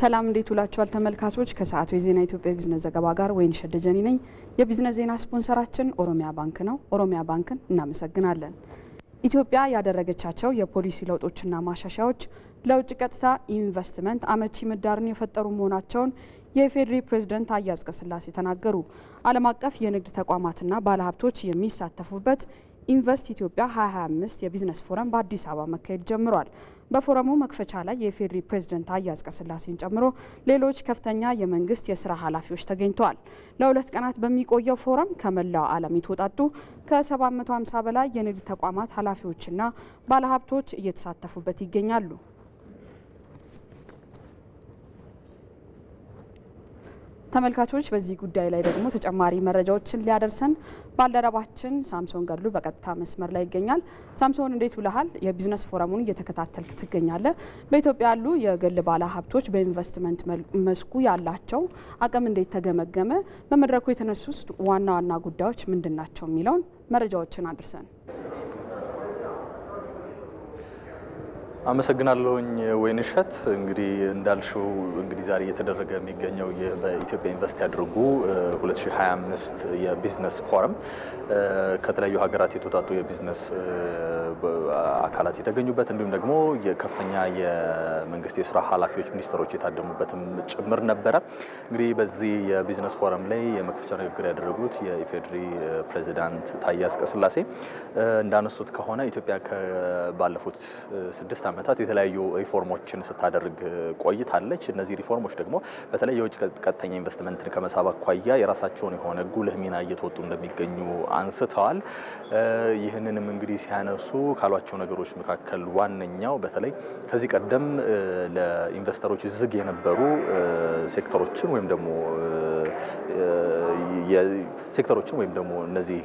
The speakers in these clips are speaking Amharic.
ሰላም እንዴት ውላችኋል ተመልካቾች። ከሰዓቱ የዜና ኢትዮጵያ ቢዝነስ ዘገባ ጋር ወይን ሸደጀኒ ነኝ። የቢዝነስ ዜና ስፖንሰራችን ኦሮሚያ ባንክ ነው። ኦሮሚያ ባንክን እናመሰግናለን። ኢትዮጵያ ያደረገቻቸው የፖሊሲ ለውጦችና ማሻሻያዎች ለውጭ ቀጥታ ኢንቨስትመንት አመቺ ምህዳርን የፈጠሩ መሆናቸውን የኢፌዴሪ ፕሬዝደንት ታዬ አጽቀሥላሴ ተናገሩ። ዓለም አቀፍ የንግድ ተቋማትና ባለሀብቶች የሚሳተፉበት ኢንቨስት ኢትዮጵያ 2025 የቢዝነስ ፎረም በአዲስ አበባ መካሄድ ጀምሯል። በፎረሙ መክፈቻ ላይ የፌዴሪ ፕሬዝደንት ታዬ ቀስላሴን ጨምሮ ሌሎች ከፍተኛ የመንግስት የስራ ኃላፊዎች ተገኝተዋል። ለሁለት ቀናት በሚቆየው ፎረም ከመላው ዓለም የተውጣጡ ከ750 በላይ የንግድ ተቋማት ኃላፊዎችና ባለሀብቶች እየተሳተፉበት ይገኛሉ። ተመልካቾች በዚህ ጉዳይ ላይ ደግሞ ተጨማሪ መረጃዎችን ሊያደርሰን ባልደረባችን ሳምሶን ገድሉ በቀጥታ መስመር ላይ ይገኛል። ሳምሶን እንዴት ውለሃል የቢዝነስ ፎረሙን እየተከታተልክ ትገኛለህ። በኢትዮጵያ ያሉ የግል ባለ ሀብቶች በኢንቨስትመንት መስኩ ያላቸው አቅም እንዴት ተገመገመ? በመድረኩ ውስጥ ዋና ዋና ጉዳዮች ምንድን ናቸው? የሚለውን መረጃዎችን አድርሰን አመሰግናለሁኝ ወይን እሸት እንግዲህ እንዳልሽው እንግዲህ ዛሬ እየተደረገ የሚገኘው በኢትዮጵያ ዩኒቨርስቲ አድርጉ 2025 የቢዝነስ ፎረም ከተለያዩ ሀገራት የተውጣጡ የቢዝነስ አካላት የተገኙበት እንዲሁም ደግሞ የከፍተኛ የመንግስት የስራ ኃላፊዎች፣ ሚኒስትሮች የታደሙበትም ጭምር ነበረ። እንግዲህ በዚህ የቢዝነስ ፎረም ላይ የመክፈቻ ንግግር ያደረጉት የኢፌድሪ ፕሬዚዳንት ታዬ አጽቀሥላሴ እንዳነሱት ከሆነ ኢትዮጵያ ባለፉት ስድስት ዓመታት የተለያዩ ሪፎርሞችን ስታደርግ ቆይታለች። እነዚህ ሪፎርሞች ደግሞ በተለይ የውጭ ቀጥተኛ ኢንቨስትመንትን ከመሳብ አኳያ የራሳቸውን የሆነ ጉልህ ሚና እየተወጡ እንደሚገኙ አንስተዋል። ይህንንም እንግዲህ ሲያነሱ ካሏቸው ነገሮች መካከል ዋነኛው በተለይ ከዚህ ቀደም ለኢንቨስተሮች ዝግ የነበሩ ሴክተሮችን ወይም ደግሞ ሴክተሮችን ወይም ደግሞ እነዚህ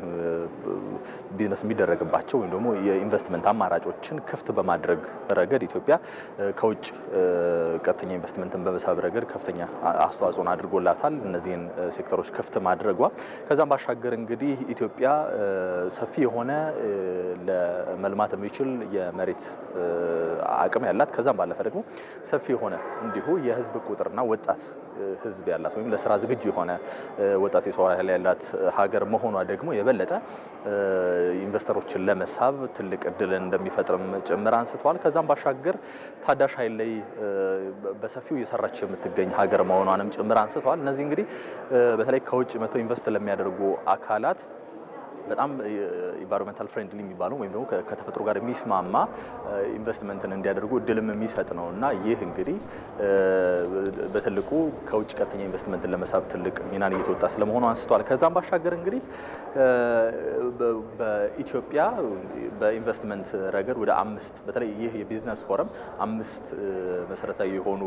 ቢዝነስ የሚደረግባቸው ወይም ደግሞ የኢንቨስትመንት አማራጮችን ክፍት በማድረግ ረገድ ኢትዮጵያ ከውጭ ቀጥተኛ ኢንቨስትመንትን በመሳብ ረገድ ከፍተኛ አስተዋጽኦን አድርጎላታል። እነዚህን ሴክተሮች ክፍት ማድረጓ ከዛም ባሻገር እንግዲህ ኢትዮጵያ ኢትዮጵያ ሰፊ የሆነ ለመልማት የሚችል የመሬት አቅም ያላት ከዛም ባለፈ ደግሞ ሰፊ የሆነ እንዲሁ የህዝብ ቁጥርና ወጣት ህዝብ ያላት ወይም ለስራ ዝግጁ የሆነ ወጣት የሰው ኃይል ያላት ሀገር መሆኗ ደግሞ የበለጠ ኢንቨስተሮችን ለመሳብ ትልቅ እድልን እንደሚፈጥርም ጭምር አንስተዋል። ከዛም ባሻገር ታዳሽ ኃይል ላይ በሰፊው እየሰራች የምትገኝ ሀገር መሆኗንም ጭምር አንስተዋል። እነዚህ እንግዲህ በተለይ ከውጭ መጥተው ኢንቨስት ለሚያደርጉ አካላት በጣም ኢንቫይሮንመንታል ፍሬንድሊ የሚባለው ወይም ደግሞ ከተፈጥሮ ጋር የሚስማማ ኢንቨስትመንትን እንዲያደርጉ እድልም የሚሰጥ ነው እና ይህ እንግዲህ በትልቁ ከውጭ ቀጥተኛ ኢንቨስትመንትን ለመሳብ ትልቅ ሚናን እየተወጣ ስለመሆኑ አንስተዋል። ከዛም ባሻገር እንግዲህ በኢትዮጵያ በኢንቨስትመንት ረገድ ወደ አምስት በተለይ ይህ የቢዝነስ ፎረም አምስት መሰረታዊ የሆኑ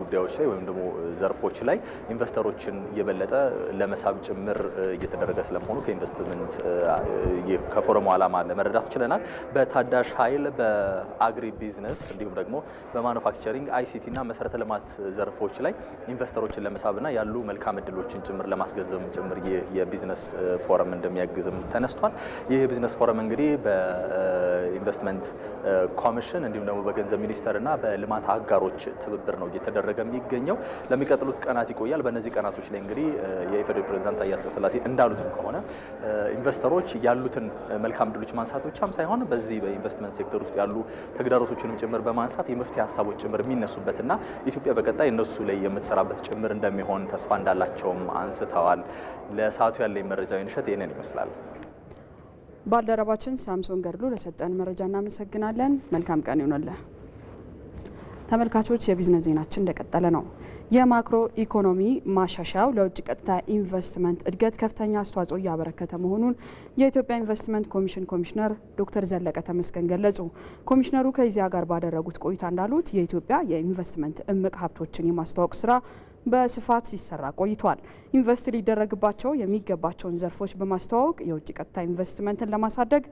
ጉዳዮች ላይ ወይም ደግሞ ዘርፎች ላይ ኢንቨስተሮችን እየበለጠ ለመሳብ ጭምር እየተደረገ ስለመሆኑ ከኢንቨስትመንት ሳምንት ከፎረሙ ዓላማ ለመረዳት ችለናል። በታዳሽ ኃይል፣ በአግሪ ቢዝነስ እንዲሁም ደግሞ በማኑፋክቸሪንግ አይሲቲ እና መሰረተ ልማት ዘርፎች ላይ ኢንቨስተሮችን ለመሳብና ያሉ መልካም እድሎችን ጭምር ለማስገንዘብ ጭምር ይህ የቢዝነስ ፎረም እንደሚያግዝም ተነስቷል። ይህ የቢዝነስ ፎረም እንግዲህ በኢንቨስትመንት ኮሚሽን እንዲሁም ደግሞ በገንዘብ ሚኒስቴር እና በልማት አጋሮች ትብብር ነው እየተደረገ የሚገኘው። ለሚቀጥሉት ቀናት ይቆያል። በእነዚህ ቀናቶች ላይ እንግዲህ የኢፌዴሪ ፕሬዚዳንት አያስቀስላሴ እንዳሉትም ከሆነ ኢንቨስተሮች ያሉትን መልካም ድሎች ማንሳት ብቻም ሳይሆን በዚህ በኢንቨስትመንት ሴክተር ውስጥ ያሉ ተግዳሮቶችንም ጭምር በማንሳት የመፍትሄ ሀሳቦች ጭምር የሚነሱበትና ኢትዮጵያ በቀጣይ እነሱ ላይ የምትሰራበት ጭምር እንደሚሆን ተስፋ እንዳላቸውም አንስተዋል። ለሰዓቱ ያለኝ መረጃ ይንሸት ይህንን ይመስላል። ባልደረባችን ሳምሶን ገድሉ ለሰጠን መረጃ እናመሰግናለን። መልካም ቀን ይሆንልህ። ተመልካቾች የቢዝነስ ዜናችን እንደቀጠለ ነው። የማክሮ ኢኮኖሚ ማሻሻያው ለውጭ ቀጥታ ኢንቨስትመንት እድገት ከፍተኛ አስተዋጽኦ እያበረከተ መሆኑን የኢትዮጵያ ኢንቨስትመንት ኮሚሽን ኮሚሽነር ዶክተር ዘለቀ ተመስገን ገለጹ። ኮሚሽነሩ ከዚያ ጋር ባደረጉት ቆይታ እንዳሉት የኢትዮጵያ የኢንቨስትመንት እምቅ ሀብቶችን የማስተዋወቅ ስራ በስፋት ሲሰራ ቆይቷል። ኢንቨስት ሊደረግባቸው የሚገባቸውን ዘርፎች በማስተዋወቅ የውጭ ቀጥታ ኢንቨስትመንትን ለማሳደግ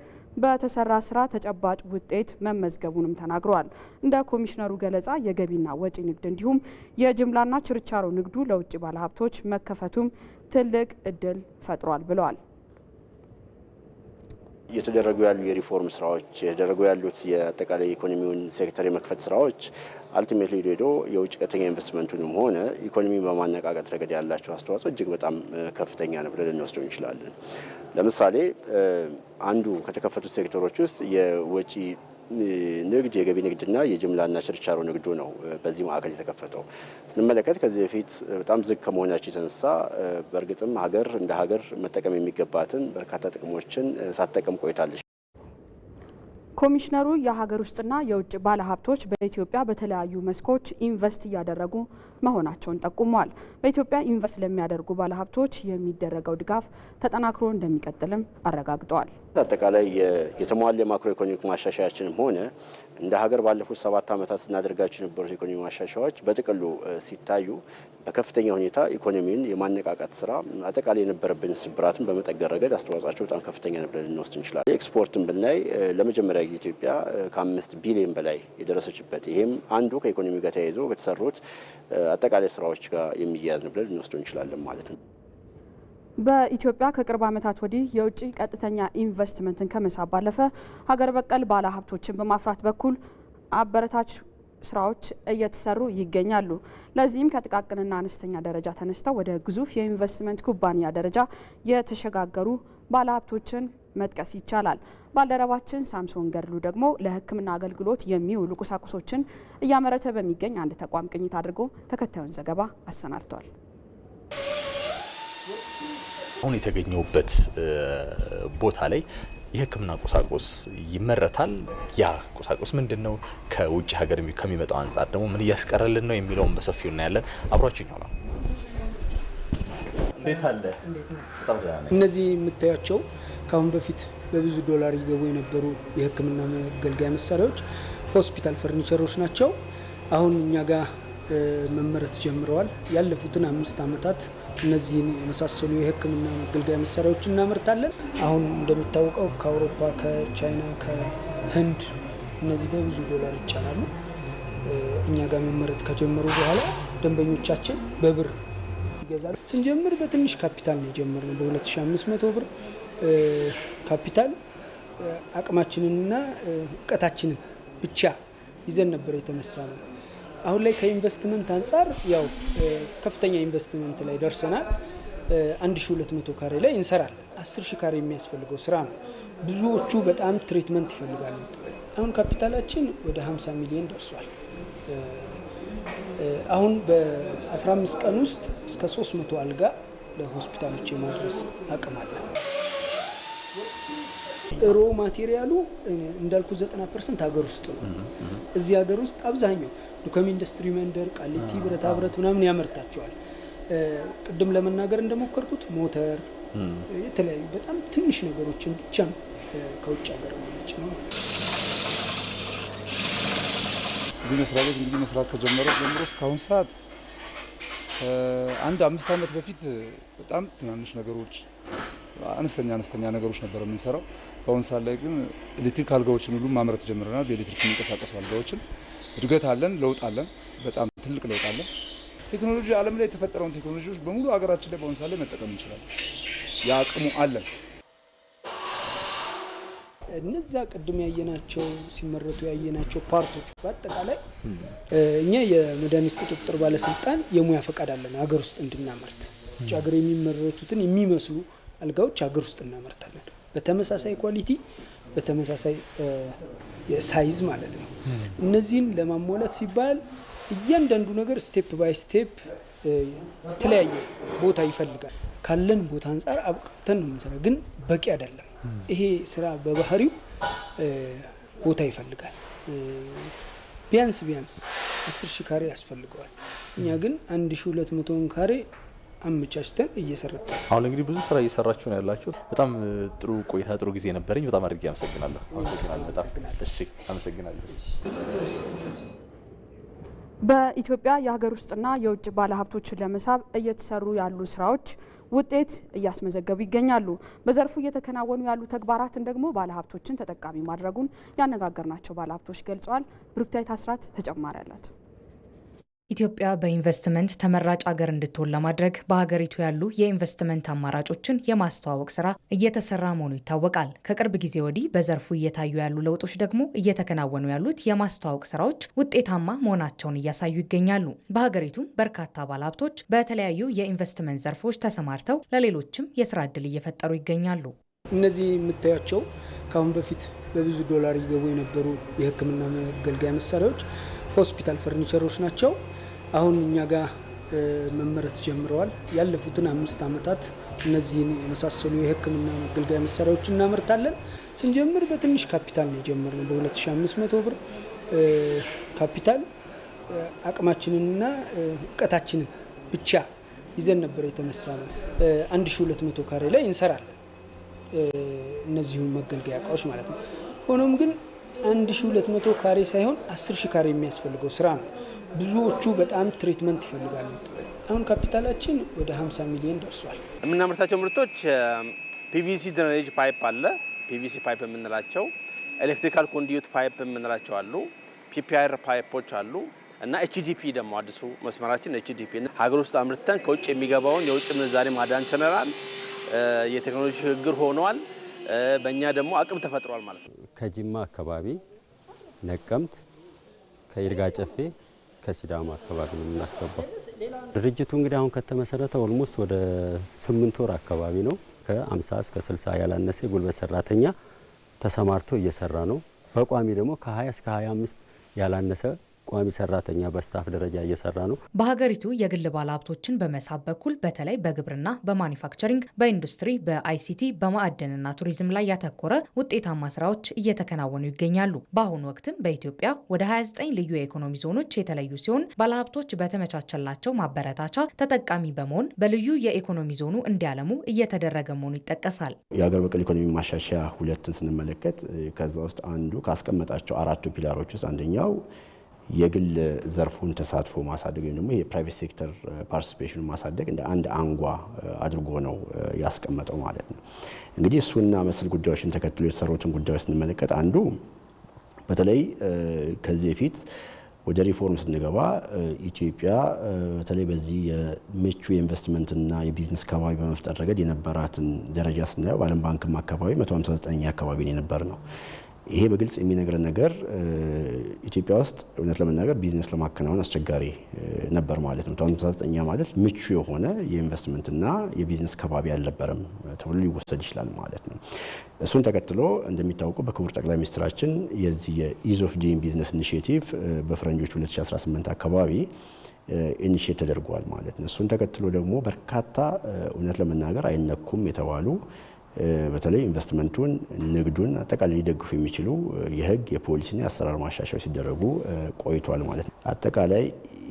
በተሰራ ስራ ተጨባጭ ውጤት መመዝገቡንም ተናግረዋል። እንደ ኮሚሽነሩ ገለጻ የገቢና ወጪ ንግድ እንዲሁም የጅምላና ችርቻሮ ንግዱ ለውጭ ባለሀብቶች መከፈቱም ትልቅ እድል ፈጥሯል ብለዋል። እየተደረጉ ያሉ የሪፎርም ስራዎች የተደረጉ ያሉት የአጠቃላይ ኢኮኖሚውን ሴክተር የመክፈት ስራዎች አልቲሜትሊ ሄዶ የውጭ ቀጥተኛ ኢንቨስትመንቱንም ሆነ ኢኮኖሚን በማነቃቀጥ ረገድ ያላቸው አስተዋጽኦ እጅግ በጣም ከፍተኛ ነው ብለን ልንወስደው እንችላለን። ለምሳሌ አንዱ ከተከፈቱት ሴክተሮች ውስጥ የወጪ ንግድ የገቢ ንግድና የጅምላና ችርቻሮ ንግዱ ነው። በዚህ ማዕከል የተከፈተው ስንመለከት ከዚህ በፊት በጣም ዝግ ከመሆናቸው የተነሳ በእርግጥም ሀገር እንደ ሀገር መጠቀም የሚገባትን በርካታ ጥቅሞችን ሳትጠቀም ቆይታለች። ኮሚሽነሩ የሀገር ውስጥና የውጭ ባለሀብቶች በኢትዮጵያ በተለያዩ መስኮች ኢንቨስት እያደረጉ መሆናቸውን ጠቁመዋል። በኢትዮጵያ ኢንቨስት ለሚያደርጉ ባለሀብቶች የሚደረገው ድጋፍ ተጠናክሮ እንደሚቀጥልም አረጋግጠዋል። አጠቃላይ የተሟላ የማክሮ ኢኮኖሚክ ማሻሻያችንም ሆነ እንደ ሀገር ባለፉት ሰባት ዓመታት ስናደርጋቸው የነበሩት ኢኮኖሚ ማሻሻያዎች በጥቅሉ ሲታዩ በከፍተኛ ሁኔታ ኢኮኖሚውን የማነቃቃት ስራ አጠቃላይ የነበረብን ስብራትን በመጠገን ረገድ አስተዋጽቸው በጣም ከፍተኛ ነው ብለን ልንወስድ እንችላለን። ኤክስፖርትን ብናይ ለመጀመሪያ ጊዜ ኢትዮጵያ ከአምስት ቢሊዮን በላይ የደረሰችበት ይሄም አንዱ ከኢኮኖሚ ጋር ተያይዞ በተሰሩት አጠቃላይ ስራዎች ጋር የሚያያዝ ነው ብለን ልንወስደው እንችላለን ማለት ነው። በኢትዮጵያ ከቅርብ ዓመታት ወዲህ የውጭ ቀጥተኛ ኢንቨስትመንትን ከመሳብ ባለፈ ሀገር በቀል ባለሀብቶችን በማፍራት በኩል አበረታች ስራዎች እየተሰሩ ይገኛሉ። ለዚህም ከጥቃቅንና አነስተኛ ደረጃ ተነስተው ወደ ግዙፍ የኢንቨስትመንት ኩባንያ ደረጃ የተሸጋገሩ ባለሀብቶችን መጥቀስ ይቻላል። ባልደረባችን ሳምሶን ገድሉ ደግሞ ለሕክምና አገልግሎት የሚውሉ ቁሳቁሶችን እያመረተ በሚገኝ አንድ ተቋም ቅኝት አድርጎ ተከታዩን ዘገባ አሰናድቷል። አሁን የተገኘሁበት ቦታ ላይ የሕክምና ቁሳቁስ ይመረታል። ያ ቁሳቁስ ምንድን ነው? ከውጭ ሀገር ከሚመጣው አንጻር ደግሞ ምን እያስቀረልን ነው የሚለውን በሰፊው እናያለን። አብሯችሁ ይሆናል። እንዴት አለ። እነዚህ የምታያቸው ከአሁን በፊት በብዙ ዶላር ይገቡ የነበሩ የሕክምና መገልገያ መሳሪያዎች ሆስፒታል ፈርኒቸሮች ናቸው። አሁን እኛ ጋር መመረት ጀምረዋል። ያለፉትን አምስት ዓመታት እነዚህን የመሳሰሉ የሕክምና መገልገያ መሳሪያዎች እናመርታለን። አሁን እንደሚታወቀው ከአውሮፓ፣ ከቻይና፣ ከህንድ እነዚህ በብዙ ዶላር ይጫናሉ። እኛ ጋር መመረት ከጀመሩ በኋላ ደንበኞቻችን በብር ይገዛሉ። ስንጀምር በትንሽ ካፒታል ነው የጀመርነው በ2500 ብር ካፒታል አቅማችንንና እውቀታችንን ብቻ ይዘን ነበር የተነሳ ነው። አሁን ላይ ከኢንቨስትመንት አንጻር ያው ከፍተኛ ኢንቨስትመንት ላይ ደርሰናል። 1200 ካሬ ላይ እንሰራለን። 10 ሺህ ካሬ የሚያስፈልገው ስራ ነው። ብዙዎቹ በጣም ትሪትመንት ይፈልጋሉ። አሁን ካፒታላችን ወደ 50 ሚሊዮን ደርሷል። አሁን በ15 ቀን ውስጥ እስከ 300 አልጋ ለሆስፒታሎች የማድረስ አቅም አለን። ሮ ማቴሪያሉ እንዳልኩ ዘጠና ፐርሰንት ሀገር ውስጥ ነው። እዚህ ሀገር ውስጥ አብዛኛው ዱከም ኢንዱስትሪ መንደር፣ ቃሊቲ ብረታ ብረት ምናምን ያመርታቸዋል። ቅድም ለመናገር እንደሞከርኩት ሞተር፣ የተለያዩ በጣም ትንሽ ነገሮችን ብቻ ነው ከውጭ ሀገር ማለች ነው። እዚህ መስሪያ ቤት እንግዲህ መስራት ከጀመረ ጀምሮ እስካሁን ሰዓት አንድ አምስት ዓመት በፊት በጣም ትናንሽ ነገሮች አነስተኛ አነስተኛ ነገሮች ነበር የምንሰራው። በአሁን ሰዓት ላይ ግን ኤሌክትሪክ አልጋዎችን ሁሉ ማምረት ጀምረናል። በኤሌክትሪክ የሚንቀሳቀሱ አልጋዎችን እድገት አለን፣ ለውጥ አለን፣ በጣም ትልቅ ለውጥ አለን። ቴክኖሎጂ ዓለም ላይ የተፈጠረውን ቴክኖሎጂዎች በሙሉ ሀገራችን ላይ በአሁን ሰዓት ላይ መጠቀም እንችላለን። የአቅሙ አለን። እነዚያ ቅድም ያየናቸው ሲመረቱ ያየናቸው ፓርቶች በአጠቃላይ እኛ የመድኃኒት ቁጥጥር ባለስልጣን የሙያ ፈቃድ አለን ሀገር ውስጥ እንድናመርት ውጭ ሀገር የሚመረቱትን የሚመስሉ አልጋዎች ሀገር ውስጥ እናመርታለን። በተመሳሳይ ኳሊቲ፣ በተመሳሳይ ሳይዝ ማለት ነው። እነዚህን ለማሟላት ሲባል እያንዳንዱ ነገር ስቴፕ ባይ ስቴፕ የተለያየ ቦታ ይፈልጋል። ካለን ቦታ አንጻር አብቅተን ነው የምንሰራ፣ ግን በቂ አይደለም። ይሄ ስራ በባህሪው ቦታ ይፈልጋል። ቢያንስ ቢያንስ አስር ሺህ ካሬ ያስፈልገዋል። እኛ ግን አንድ ሺ ሁለት መቶውን ካሬ አመቻችተን እየሰራ አሁን እንግዲህ ብዙ ስራ እየሰራችሁ ነው ያላችሁ። በጣም ጥሩ ቆይታ፣ ጥሩ ጊዜ ነበረኝ። በጣም አድርጌ አመሰግናለሁ። አመሰግናለሁ። በኢትዮጵያ የሀገር ውስጥና የውጭ ባለሀብቶችን ለመሳብ እየተሰሩ ያሉ ስራዎች ውጤት እያስመዘገቡ ይገኛሉ። በዘርፉ እየተከናወኑ ያሉ ተግባራትን ደግሞ ባለሀብቶችን ተጠቃሚ ማድረጉን ያነጋገርናቸው ባለሀብቶች ገልጸዋል። ብሩክታይት አስራት ተጨማሪ አላት። ኢትዮጵያ በኢንቨስትመንት ተመራጭ አገር እንድትሆን ለማድረግ በሀገሪቱ ያሉ የኢንቨስትመንት አማራጮችን የማስተዋወቅ ስራ እየተሰራ መሆኑ ይታወቃል። ከቅርብ ጊዜ ወዲህ በዘርፉ እየታዩ ያሉ ለውጦች ደግሞ እየተከናወኑ ያሉት የማስተዋወቅ ስራዎች ውጤታማ መሆናቸውን እያሳዩ ይገኛሉ። በሀገሪቱም በርካታ ባለሀብቶች በተለያዩ የኢንቨስትመንት ዘርፎች ተሰማርተው ለሌሎችም የስራ እድል እየፈጠሩ ይገኛሉ። እነዚህ የምታያቸው ከአሁን በፊት በብዙ ዶላር ይገቡ የነበሩ የሕክምና መገልገያ መሳሪያዎች ሆስፒታል ፈርኒቸሮች ናቸው። አሁን እኛ ጋር መመረት ጀምረዋል። ያለፉትን አምስት ዓመታት እነዚህን የመሳሰሉ የሕክምና መገልገያ መሳሪያዎች እናመርታለን። ስንጀምር በትንሽ ካፒታል ነው የጀመርነው፣ በ2500 ብር ካፒታል አቅማችንንና እውቀታችንን ብቻ ይዘን ነበር የተነሳ ነው። 1200 ካሬ ላይ እንሰራለን እነዚሁ መገልገያ እቃዎች ማለት ነው። ሆኖም ግን 1200 ካሬ ሳይሆን 10 ሺ ካሬ የሚያስፈልገው ስራ ነው። ብዙዎቹ በጣም ትሪትመንት ይፈልጋሉ። አሁን ካፒታላችን ወደ 50 ሚሊዮን ደርሷል። የምናመርታቸው ምርቶች ፒቪሲ ድሬኔጅ ፓይፕ አለ። ፒቪሲ ፓይፕ የምንላቸው ኤሌክትሪካል ኮንዲዩት ፓይፕ የምንላቸው አሉ። ፒፒአር ፓይፖች አሉ እና ኤችዲፒ ደግሞ አዲሱ መስመራችን ኤችዲፒ ሀገር ውስጥ አምርተን ከውጭ የሚገባውን የውጭ ምንዛሬ ማዳን ችለናል። የቴክኖሎጂ ችግር ሆኗል። በእኛ ደግሞ አቅም ተፈጥሯል ማለት ነው። ከጅማ አካባቢ ነቀምት፣ ከይርጋ ጨፌ ከሲዳማ አካባቢ ነው የምናስገባው። ድርጅቱ እንግዲህ አሁን ከተመሰረተ ኦልሞስት ወደ ስምንት ወር አካባቢ ነው። ከ50 እስከ 60 ያላነሰ የጉልበት ሰራተኛ ተሰማርቶ እየሰራ ነው። በቋሚ ደግሞ ከ20 እስከ 25 ያላነሰ ቋሚ ሰራተኛ በስታፍ ደረጃ እየሰራ ነው። በሀገሪቱ የግል ባለሀብቶችን በመሳብ በኩል በተለይ በግብርና፣ በማኒፋክቸሪንግ፣ በኢንዱስትሪ፣ በአይሲቲ፣ በማዕድንና ቱሪዝም ላይ ያተኮረ ውጤታማ ስራዎች እየተከናወኑ ይገኛሉ። በአሁኑ ወቅትም በኢትዮጵያ ወደ 29 ልዩ የኢኮኖሚ ዞኖች የተለዩ ሲሆን ባለሀብቶች በተመቻቸላቸው ማበረታቻ ተጠቃሚ በመሆን በልዩ የኢኮኖሚ ዞኑ እንዲያለሙ እየተደረገ መሆኑ ይጠቀሳል። የሀገር በቀል ኢኮኖሚ ማሻሻያ ሁለትን ስንመለከት ከዛ ውስጥ አንዱ ካስቀመጣቸው አራቱ ፒላሮች ውስጥ አንደኛው የግል ዘርፉን ተሳትፎ ማሳደግ ወይም ደግሞ የፕራይቬት ሴክተር ፓርቲሲፔሽን ማሳደግ እንደ አንድ አንጓ አድርጎ ነው ያስቀመጠው ማለት ነው። እንግዲህ እሱና መሰል ጉዳዮችን ተከትሎ የተሰሩትን ጉዳዮች ስንመለከት አንዱ በተለይ ከዚህ በፊት ወደ ሪፎርም ስንገባ ኢትዮጵያ በተለይ በዚህ የምቹ የኢንቨስትመንትና የቢዝነስ አካባቢ በመፍጠር ረገድ የነበራትን ደረጃ ስናየው በዓለም ባንክም አካባቢ 159 አካባቢ የነበር ነው። ይሄ በግልጽ የሚነግረን ነገር ኢትዮጵያ ውስጥ እውነት ለመናገር ቢዝነስ ለማከናወን አስቸጋሪ ነበር ማለት ነው። ታሁን 69 ማለት ምቹ የሆነ የኢንቨስትመንትና የቢዝነስ ከባቢ አልነበረም ተብሎ ሊወሰድ ይችላል ማለት ነው። እሱን ተከትሎ እንደሚታወቀው በክቡር ጠቅላይ ሚኒስትራችን የዚህ የኢዝ ኦፍ ዲን ቢዝነስ ኢኒሽቲቭ በፈረንጆች 2018 አካባቢ ኢኒሽት ተደርጓል ማለት ነው። እሱን ተከትሎ ደግሞ በርካታ እውነት ለመናገር አይነኩም የተባሉ በተለይ ኢንቨስትመንቱን፣ ንግዱን አጠቃላይ ሊደግፉ የሚችሉ የህግ የፖሊሲና የአሰራር ማሻሻያ ሲደረጉ ቆይቷል ማለት ነው። አጠቃላይ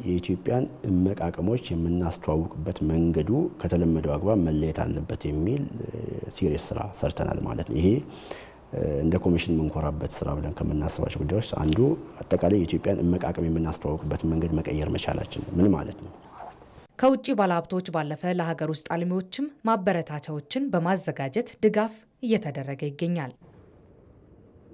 የኢትዮጵያን እምቅ አቅሞች የምናስተዋውቅበት መንገዱ ከተለመደው አግባብ መለየት አለበት የሚል ሲሪየስ ስራ ሰርተናል ማለት ነው። ይሄ እንደ ኮሚሽን የምንኮራበት ስራ ብለን ከምናስባቸው ጉዳዮች አንዱ አጠቃላይ የኢትዮጵያን እምቅ አቅም የምናስተዋውቅበት መንገድ መቀየር መቻላችን ምን ማለት ነው? ከውጭ ባለሀብቶች ባለፈ ለሀገር ውስጥ አልሚዎችም ማበረታቻዎችን በማዘጋጀት ድጋፍ እየተደረገ ይገኛል።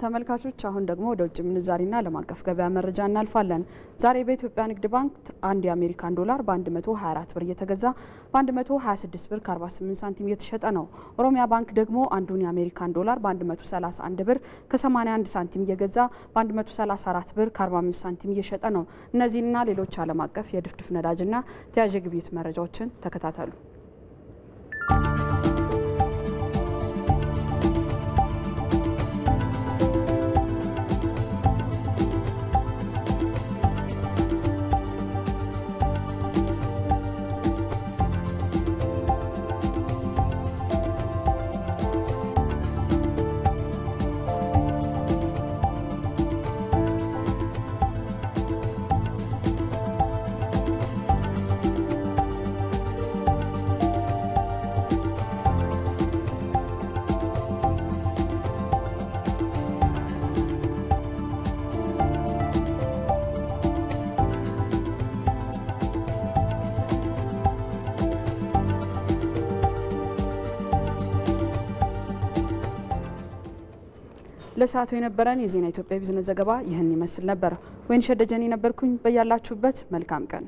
ተመልካቾች አሁን ደግሞ ወደ ውጭ ምንዛሪና ዓለም አቀፍ ገበያ መረጃ እናልፋለን። ዛሬ በኢትዮጵያ ንግድ ባንክ አንድ የአሜሪካን ዶላር በ124 ብር እየተገዛ በ126 ብር ከ48 ሳንቲም እየተሸጠ ነው። ኦሮሚያ ባንክ ደግሞ አንዱን የአሜሪካን ዶላር በ131 ብር ከ81 ሳንቲም እየገዛ በ134 ብር ከ45 ሳንቲም እየሸጠ ነው። እነዚህና ሌሎች ዓለም አቀፍ የድፍድፍ ነዳጅና ተያዥ ግብይት መረጃዎችን ተከታተሉ። ለሰዓቱ የነበረን የዜና ኢትዮጵያ ቢዝነስ ዘገባ ይህን ይመስል ነበር። ወይን ደጀኔ ነበርኩኝ። በያላችሁበት መልካም ቀን